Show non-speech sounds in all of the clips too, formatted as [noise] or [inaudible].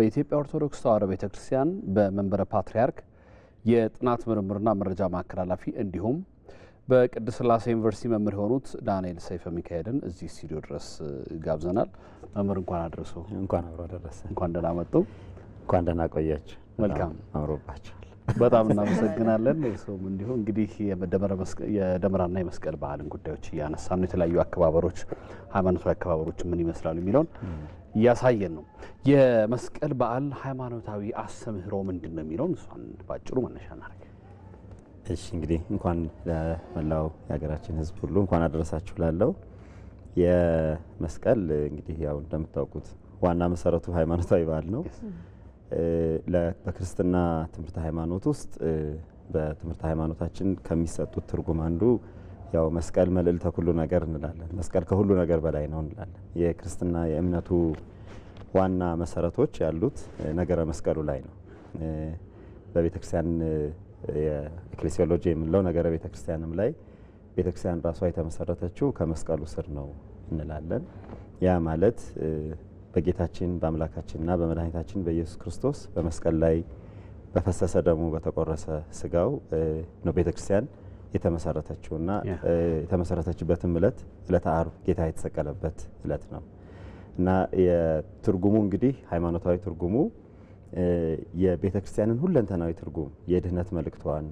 በኢትዮጵያ ኦርቶዶክስ ተዋሕዶ ቤተ ክርስቲያን በመንበረ ፓትርያርክ የጥናት ምርምርና መረጃ ማዕከል ኃላፊ እንዲሁም በቅድስት ሥላሴ ዩኒቨርሲቲ መምህር የሆኑት ዳንኤል ሰይፈ ሚካኤልን እዚህ ስቱዲዮ ድረስ ጋብዘናል። መምህር እንኳን አደረሱ። እንኳን አብሮ ደረሰ። እንኳን ደህና መጡ። እንኳን ደህና ቆያችሁ። መልካም አምሮባችኋል። በጣም እናመሰግናለን። [laughs] ሰውም እንዲሁ እንግዲህ የደመራና የመስቀል በዓልን ጉዳዮች እያነሳ ነው። የተለያዩ አከባበሮች፣ ሃይማኖታዊ አከባበሮች ምን ይመስላሉ የሚለውን እያሳየን ነው። የመስቀል በዓል ሃይማኖታዊ አስተምህሮ ምንድን ነው የሚለውን እሷን ባጭሩ መነሻ እናደርግ። እሺ እንግዲህ እንኳን ለመላው የሀገራችን ህዝብ ሁሉ እንኳን አደረሳችሁ ላለው የመስቀል እንግዲህ ያው እንደምታውቁት ዋና መሰረቱ ሃይማኖታዊ በዓል ነው። በክርስትና ትምህርት ሃይማኖት ውስጥ በትምህርት ሃይማኖታችን ከሚሰጡት ትርጉም አንዱ ያው መስቀል መልዕልተ ሁሉ ነገር እንላለን። መስቀል ከሁሉ ነገር በላይ ነው እንላለን። የክርስትና የእምነቱ ዋና መሰረቶች ያሉት ነገረ መስቀሉ ላይ ነው። በቤተክርስቲያን የኤክሌሲዮሎጂ የምንለው ነገረ ቤተክርስቲያንም ላይ ቤተክርስቲያን ራሷ የተመሰረተችው ከመስቀሉ ስር ነው እንላለን። ያ ማለት በጌታችን በአምላካችንና በመድኃኒታችን በኢየሱስ ክርስቶስ በመስቀል ላይ በፈሰሰ ደሙ በተቆረሰ ስጋው ነው ቤተክርስቲያን የተመሰረተችውና የተመሰረተችበትም እለት እለት አርብ ጌታ የተሰቀለበት እለት ነው እና የትርጉሙ እንግዲህ ሃይማኖታዊ ትርጉሙ የቤተ ክርስቲያንን ሁለንተናዊ ትርጉም የድህነት መልእክቷን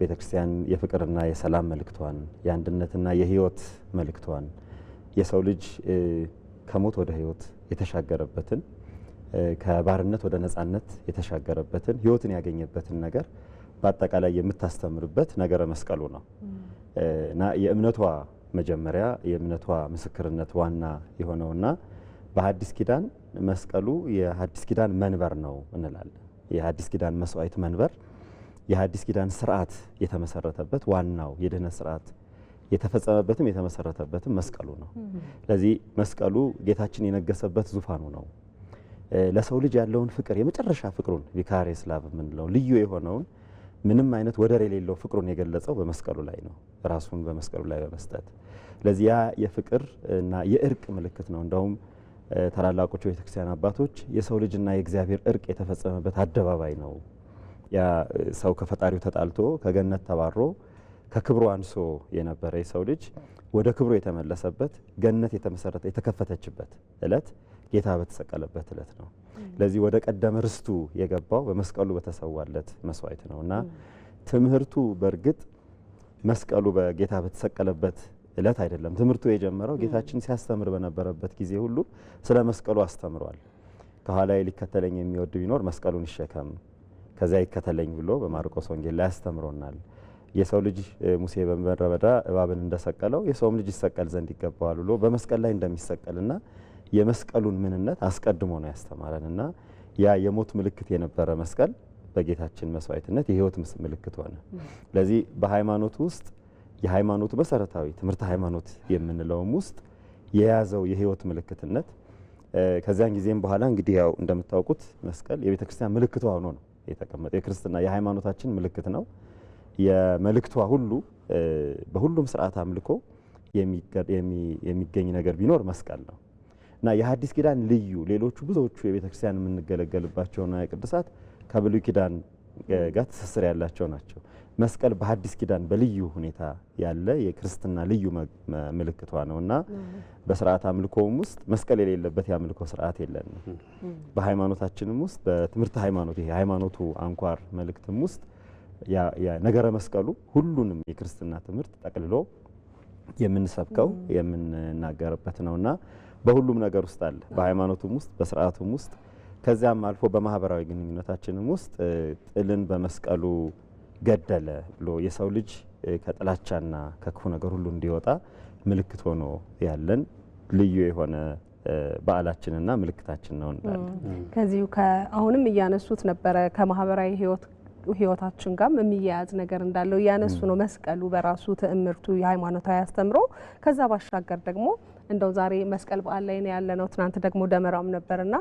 ቤተ ክርስቲያን የፍቅርና የሰላም መልእክቷን፣ የአንድነትና የህይወት መልእክቷን የሰው ልጅ ከሞት ወደ ህይወት የተሻገረበትን ከባርነት ወደ ነጻነት የተሻገረበትን ህይወትን ያገኘበትን ነገር በአጠቃላይ የምታስተምርበት ነገረ መስቀሉ ነው እና የእምነቷ መጀመሪያ የእምነቷ ምስክርነት ዋና የሆነውና በሐዲስ ኪዳን መስቀሉ የሐዲስ ኪዳን መንበር ነው እንላለን። የሐዲስ ኪዳን መስዋዕት መንበር የሐዲስ ኪዳን ስርዓት የተመሰረተበት ዋናው የድህነት ስርዓት የተፈጸመበትም የተመሰረተበትም መስቀሉ ነው። ስለዚህ መስቀሉ ጌታችን የነገሰበት ዙፋኑ ነው። ለሰው ልጅ ያለውን ፍቅር የመጨረሻ ፍቅሩን ቪካሬ ስላቭ የምንለው ልዩ የሆነውን ምንም አይነት ወደር የሌለው ፍቅሩን የገለጸው በመስቀሉ ላይ ነው፣ ራሱን በመስቀሉ ላይ በመስጠት ለዚያ የፍቅር እና የእርቅ ምልክት ነው። እንደውም ታላላቆቹ ቤተክርስቲያን አባቶች የሰው ልጅና የእግዚአብሔር እርቅ የተፈጸመበት አደባባይ ነው። ያ ሰው ከፈጣሪው ተጣልቶ ከገነት ተባሮ ከክብሩ አንሶ የነበረ የሰው ልጅ ወደ ክብሩ የተመለሰበት ገነት የተመሰረተ የተከፈተችበት እለት ጌታ በተሰቀለበት እለት ነው። ለዚህ ወደ ቀደመ ርስቱ የገባው በመስቀሉ በተሰዋለት መስዋዕት ነው እና ትምህርቱ በእርግጥ መስቀሉ በጌታ በተሰቀለበት እለት አይደለም። ትምህርቱ የጀመረው ጌታችን ሲያስተምር በነበረበት ጊዜ ሁሉ ስለ መስቀሉ አስተምሯል። ከኋላዬ ሊከተለኝ የሚወድ ቢኖር መስቀሉን ይሸከም ከዚያ ይከተለኝ ብሎ በማርቆስ ወንጌል ላይ አስተምሮናል። የሰው ልጅ ሙሴ በምድረ በዳ እባብን እንደሰቀለው የሰውም ልጅ ይሰቀል ዘንድ ይገባዋል ብሎ በመስቀል ላይ እንደሚሰቀልና የመስቀሉን ምንነት አስቀድሞ ነው ያስተማረን እና ያ የሞት ምልክት የነበረ መስቀል በጌታችን መስዋዕትነት የህይወት ምልክት ሆነ። ስለዚህ በሃይማኖት ውስጥ የሃይማኖቱ መሰረታዊ ትምህርት ሃይማኖት የምንለውም ውስጥ የያዘው የህይወት ምልክትነት ከዚያን ጊዜም በኋላ እንግዲህ ያው እንደምታውቁት መስቀል የቤተ ክርስቲያን ምልክቷ ሆኖ ነው የተቀመጠ። የክርስትና የሃይማኖታችን ምልክት ነው። የመልእክቷ ሁሉ በሁሉም ስርዓት አምልኮ የሚገኝ ነገር ቢኖር መስቀል ነው። እና የሐዲስ ኪዳን ልዩ ሌሎቹ ብዙዎቹ የምንገለገልባቸው የምንገለገልባቸውና የቅዱሳት ከብሉይ ኪዳን ጋር ትስስር ያላቸው ናቸው። መስቀል በሐዲስ ኪዳን በልዩ ሁኔታ ያለ የክርስትና ልዩ ምልክቷ ነው እና በስርዓት አምልኮውም ውስጥ መስቀል የሌለበት የአምልኮ ስርዓት የለንም። በሃይማኖታችንም ውስጥ በትምህርት ሃይማኖት ይሄ ሃይማኖቱ አንኳር መልእክትም ውስጥ ነገረ መስቀሉ ሁሉንም የክርስትና ትምህርት ጠቅልሎ የምንሰብከው የምንናገርበት ነውና በሁሉም ነገር ውስጥ አለ። በሃይማኖቱም ውስጥ በስርዓቱም ውስጥ ከዚያም አልፎ በማህበራዊ ግንኙነታችንም ውስጥ ጥልን በመስቀሉ ገደለ ብሎ የሰው ልጅ ከጥላቻና ከክፉ ነገር ሁሉ እንዲወጣ ምልክት ሆኖ ያለን ልዩ የሆነ በዓላችንና ምልክታችን ነው እንላለን። ከዚሁ አሁንም እያነሱት ነበረ ከማህበራዊ ህይወት ህይወታችን ጋር የሚያያዝ ነገር እንዳለው እያነሱ ነው። መስቀሉ በራሱ ትዕምርቱ የሃይማኖታዊ አስተምሮ ከዛ ባሻገር ደግሞ እንደው ዛሬ መስቀል በዓል ላይ ነው ያለነው። ትናንት ደግሞ ደመራም ነበርና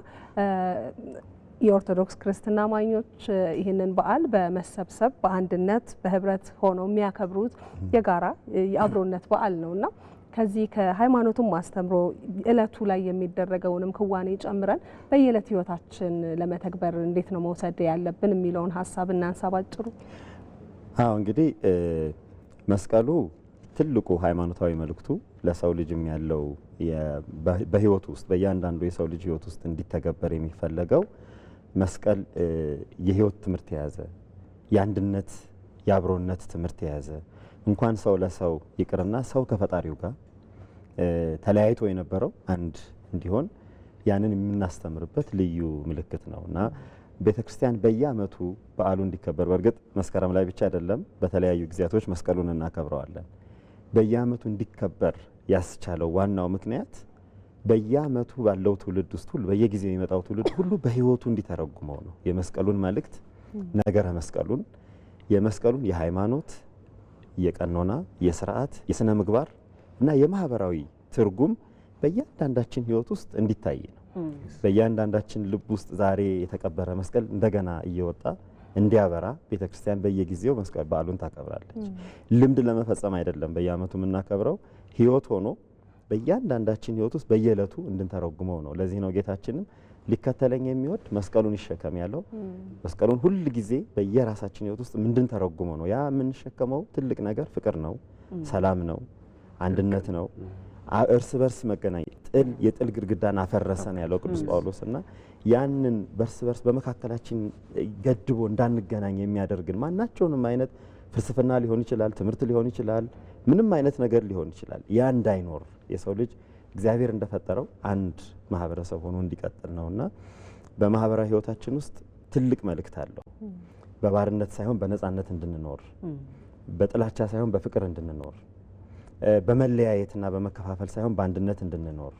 የኦርቶዶክስ ክርስትና አማኞች ይህንን በዓል በመሰብሰብ በአንድነት በህብረት ሆነው የሚያከብሩት የጋራ የአብሮነት በዓል ነው እና ከዚህ ከሃይማኖቱም አስተምሮ እለቱ ላይ የሚደረገውንም ክዋኔ ጨምረን በየዕለት ህይወታችን ለመተግበር እንዴት ነው መውሰድ ያለብን የሚለውን ሀሳብ እናንሳ ባጭሩ። አዎ እንግዲህ መስቀሉ ትልቁ ሃይማኖታዊ መልእክቱ ለሰው ልጅም ያለው በህይወት ውስጥ በእያንዳንዱ የሰው ልጅ ህይወት ውስጥ እንዲተገበር የሚፈለገው መስቀል የህይወት ትምህርት የያዘ የአንድነት የአብሮነት ትምህርት የያዘ እንኳን ሰው ለሰው ይቅርና ሰው ከፈጣሪው ጋር ተለያይቶ የነበረው አንድ እንዲሆን ያንን የምናስተምርበት ልዩ ምልክት ነው እና ቤተ ክርስቲያን በየአመቱ በዓሉ እንዲከበር በእርግጥ መስከረም ላይ ብቻ አይደለም፣ በተለያዩ ጊዜያቶች መስቀሉን እናከብረዋለን። በየአመቱ እንዲከበር ያስቻለው ዋናው ምክንያት በየአመቱ ባለው ትውልድ ውስጥ ሁሉ በየጊዜው የሚመጣው ትውልድ ሁሉ በህይወቱ እንዲተረጉመው ነው። የመስቀሉን መልእክት ነገረ መስቀሉን የመስቀሉን የሃይማኖት፣ የቀኖና፣ የስርዓት፣ የስነ ምግባር እና የማህበራዊ ትርጉም በእያንዳንዳችን ህይወት ውስጥ እንዲታይ ነው። በእያንዳንዳችን ልብ ውስጥ ዛሬ የተቀበረ መስቀል እንደገና እየወጣ እንዲያበራ ቤተክርስቲያን በየጊዜው መስቀል በዓሉን ታከብራለች። ልምድ ለመፈጸም አይደለም በየአመቱ የምናከብረው ህይወት ሆኖ በእያንዳንዳችን ህይወት ውስጥ በየዕለቱ እንድንተረጉመው ነው። ለዚህ ነው ጌታችንም ሊከተለኝ የሚወድ መስቀሉን ይሸከም ያለው። መስቀሉን ሁል ጊዜ በየራሳችን ህይወት ውስጥ እንድንተረጉመው ነው። ያ የምንሸከመው ትልቅ ነገር ፍቅር ነው፣ ሰላም ነው፣ አንድነት ነው። እርስ በርስ መገናኘት ጥል የጥል ግድግዳን አፈረሰ ነው ያለው ቅዱስ ጳውሎስ እና ያንን በርስ በርስ በመካከላችን ገድቦ እንዳንገናኝ የሚያደርግን ማናቸውንም አይነት ፍልስፍና ሊሆን ይችላል፣ ትምህርት ሊሆን ይችላል፣ ምንም አይነት ነገር ሊሆን ይችላል። ያ እንዳይኖር የሰው ልጅ እግዚአብሔር እንደፈጠረው አንድ ማህበረሰብ ሆኖ እንዲቀጥል ነውና በማህበራዊ ህይወታችን ውስጥ ትልቅ መልእክት አለው። በባርነት ሳይሆን በነጻነት እንድንኖር፣ በጥላቻ ሳይሆን በፍቅር እንድንኖር በመለያየትና በመከፋፈል ሳይሆን በአንድነት እንድንኖር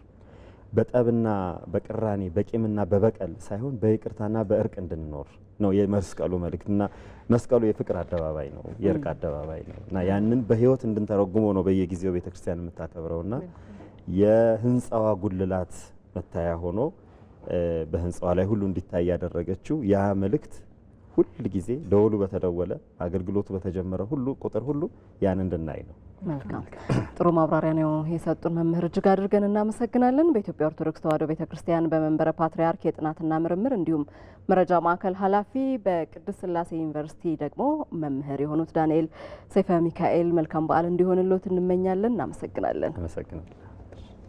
በጠብና በቅራኔ በቂምና በበቀል ሳይሆን በይቅርታና በእርቅ እንድንኖር ነው የመስቀሉ መልእክትና መስቀሉ የፍቅር አደባባይ ነው፣ የእርቅ አደባባይ ነው እና ያንን በህይወት እንድንተረጉሞ ነው በየጊዜው ቤተክርስቲያን የምታከብረውና የህንፃዋ ጉልላት መታያ ሆኖ በህንፃዋ ላይ ሁሉ እንዲታይ ያደረገችው ያ መልእክት ሁል ጊዜ ደወሉ በተደወለ አገልግሎቱ በተጀመረ ሁሉ ቁጥር ሁሉ ያን እንድናይ ነው። መልካም ጥሩ ማብራሪያ ነው የሰጡን መምህር፣ እጅግ አድርገን እናመሰግናለን። በኢትዮጵያ ኦርቶዶክስ ተዋሕዶ ቤተ ክርስቲያን በመንበረ ፓትርያርክ የጥናትና ምርምር እንዲሁም መረጃ ማዕከል ኃላፊ በቅድስት ስላሴ ዩኒቨርሲቲ ደግሞ መምህር የሆኑት ዳንኤል ሰይፈ ሚካኤል መልካም በዓል እንዲሆንሎት እንመኛለን። እናመሰግናለን።